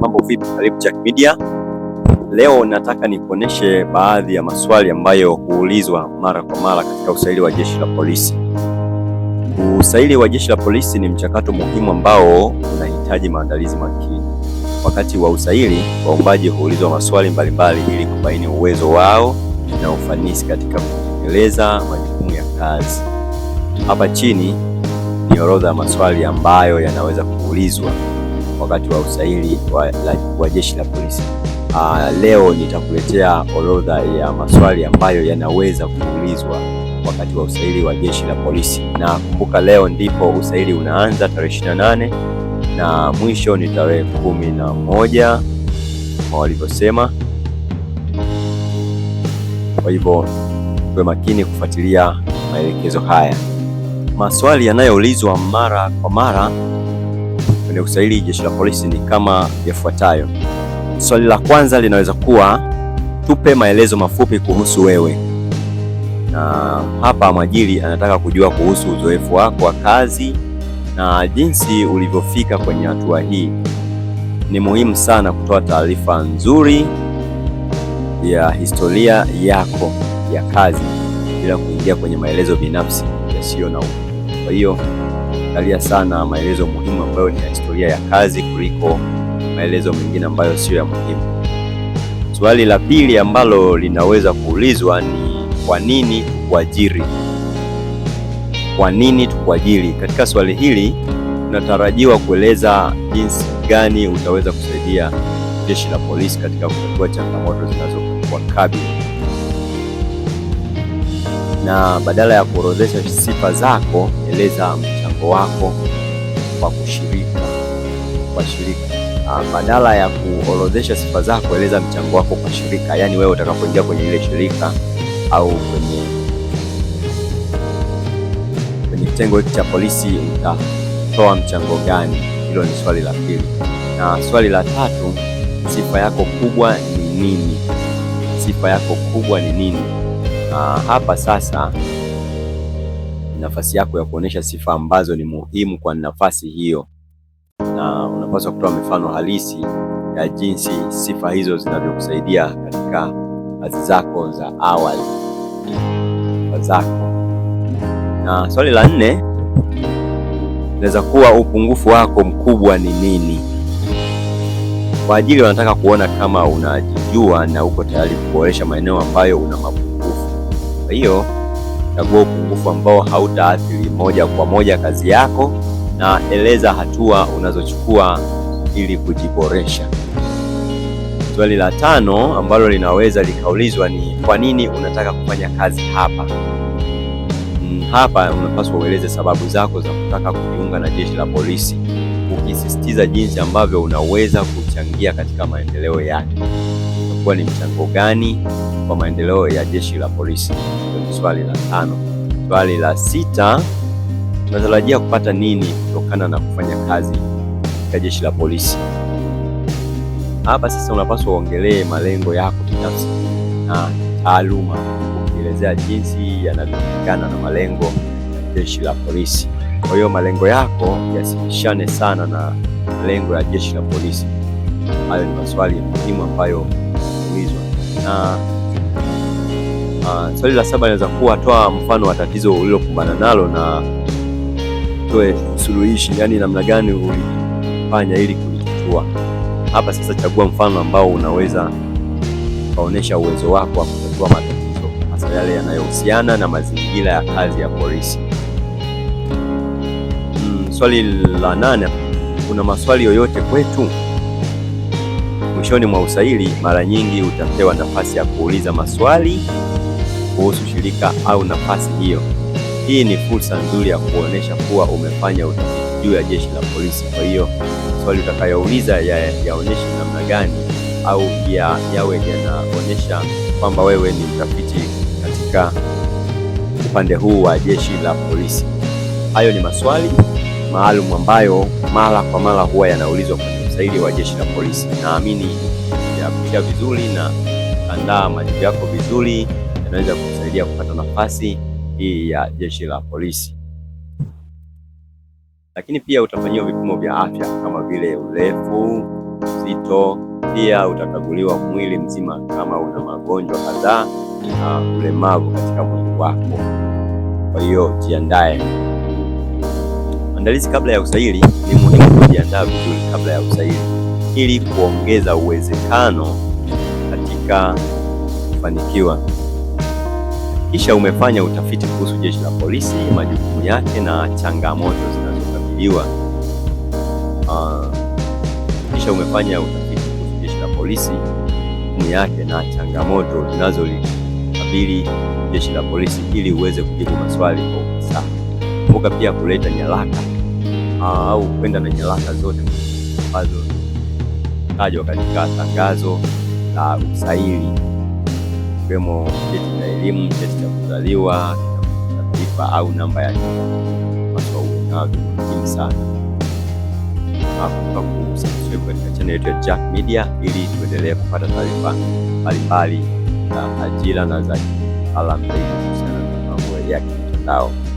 Mambo vipi? Karibu Jack Media. Leo nataka nikuoneshe baadhi ya maswali ambayo huulizwa mara kwa mara katika usaili wa jeshi la polisi. Usaili wa jeshi la polisi ni mchakato muhimu ambao unahitaji maandalizi makini. Wakati wa usaili, waombaji huulizwa maswali mbalimbali ili kubaini uwezo wao na ufanisi katika kutekeleza majukumu ya kazi. Hapa chini ni orodha ya maswali ambayo yanaweza kuulizwa wakati wa usaili wa, wa jeshi la polisi. Uh, leo nitakuletea orodha ya maswali ambayo yanaweza kuulizwa wakati wa usaili wa jeshi la polisi, na kumbuka leo ndipo usaili unaanza tarehe 28 na mwisho ni tarehe kumi na moja kama walivyosema. Kwa hivyo tuwe makini kufuatilia maelekezo haya. Maswali yanayoulizwa mara kwa mara ya Kiswahili Jeshi la Polisi ni kama yafuatayo. Swali la kwanza linaweza kuwa tupe maelezo mafupi kuhusu wewe, na hapa mwajiri anataka kujua kuhusu uzoefu wako wa kazi na jinsi ulivyofika kwenye hatua hii. Ni muhimu sana kutoa taarifa nzuri ya historia yako ya kazi bila kuingia kwenye maelezo binafsi yasiyo na umuhimu. Kwa hiyo kuangalia sana maelezo muhimu ambayo ni ya historia ya kazi kuliko maelezo mengine ambayo sio ya muhimu. Swali la pili ambalo linaweza kuulizwa ni kwa nini tukuajiri? Kwa nini tukuajiri? Katika swali hili unatarajiwa kueleza jinsi gani utaweza kusaidia jeshi la polisi katika kutatua changamoto zinazowakabili na badala ya kuorodhesha sifa zako, eleza mchango wako kwa kushirika kwa shirika. Ah, badala ya kuorodhesha sifa zako, eleza mchango wako kwa shirika, yaani wewe utakapoingia kwenye ile shirika au kwenye kwenye kitengo hiki cha polisi utatoa mchango gani? Hilo ni swali la pili, na swali la tatu, sifa yako kubwa ni nini? Sifa yako kubwa ni nini? Na ah, hapa sasa nafasi yako ya kuonesha sifa ambazo ni muhimu kwa nafasi hiyo, na unapaswa kutoa mifano halisi ya jinsi sifa hizo zinavyokusaidia katika kazi zako za awali zako. Na swali la nne inaweza kuwa upungufu wako mkubwa ni nini? Kwa ajili wanataka kuona kama unajijua na uko tayari kuboresha maeneo ambayo una mapungufu. Kwa hiyo Chagua upungufu ambao hautaathiri moja kwa moja kazi yako, na eleza hatua unazochukua ili kujiboresha. Swali la tano ambalo linaweza likaulizwa ni kwa nini unataka kufanya kazi hapa? Mm, hapa unapaswa ueleze sababu zako za kutaka kujiunga na jeshi la polisi, ukisisitiza jinsi ambavyo unaweza kuchangia katika maendeleo yake. Itakuwa ni mchango gani kwa maendeleo ya jeshi la polisi. Swali la tano. Swali la sita, tunatarajia kupata nini kutokana na kufanya kazi katika jeshi la polisi? Hapa sasa unapaswa uongelee malengo yako binafsi na taaluma, ukielezea jinsi yanavyofikana na malengo ya jeshi la polisi. Kwa hiyo malengo yako yasipishane sana na malengo ya jeshi la polisi. Hayo ni maswali muhimu ambayo huulizwa na Ah, swali la saba inaweza kuwa toa mfano wa tatizo ulilokumbana nalo na toe suluhishi, yani namna gani ulifanya ili kulitatua. Hapa sasa chagua mfano ambao unaweza ukaonyesha uwezo wako wa kutatua matatizo hasa yale yanayohusiana na mazingira ya kazi ya polisi. Mm, swali la nane, kuna maswali yoyote kwetu? Mwishoni mwa usaili mara nyingi utapewa nafasi ya kuuliza maswali kuhusu shirika au nafasi hiyo. Hii ni fursa nzuri ya kuonesha kuwa umefanya utafiti juu ya jeshi la polisi. Kwa hiyo swali utakayouliza yaonyeshe ya namna gani au ya, yawe yanaonyesha kwamba wewe ni mtafiti katika upande huu wa jeshi la polisi. Hayo ni maswali maalum ambayo mara kwa mara huwa yanaulizwa kwenye usaili wa jeshi la polisi. Naamini yapitia vizuri na andaa majibu yako vizuri inaweza kusaidia kupata nafasi hii ya jeshi la polisi. Lakini pia utafanyiwa vipimo vya afya kama vile urefu, uzito. Pia utakaguliwa mwili mzima kama una magonjwa kadhaa na ulemavu katika mwili wako. Kwa hiyo jiandae. Maandalizi kabla ya usaili, ni muhimu kujiandaa vizuri kabla ya usaili ili kuongeza uwezekano katika kufanikiwa. Kisha umefanya utafiti kuhusu jeshi la polisi, majukumu yake na changamoto zinazokabiliwa. Uh, kisha umefanya utafiti kuhusu jeshi la polisi, majukumu yake na changamoto zinazolikabili jeshi la polisi ili uweze kujibu maswali kwa ufasaha. Kumbuka pia kuleta nyaraka ah, au kwenda na nyaraka zote ambazo tajwa katika tangazo la usaili ikiwemo cheti cha elimu, cheti cha kuzaliwa, kitambulisho au namba ya muhimu sana kusubscribe katika channel yetu ya Jack Media ili tuendelee kupata taarifa mbalimbali za ajira na za kitaalamu zaidi kuhusiana na mambo ya